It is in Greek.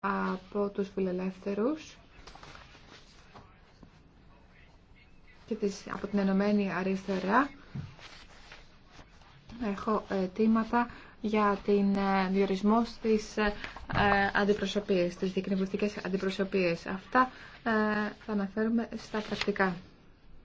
από τους φιλελεύθερους και τις, από την Ενωμένη Αριστερά έχω αιτήματα για την ε, διορισμό στις ε, αντιπροσωπείες, στις αντιπροσωπείες. Αυτά ε, θα αναφέρουμε στα πρακτικά.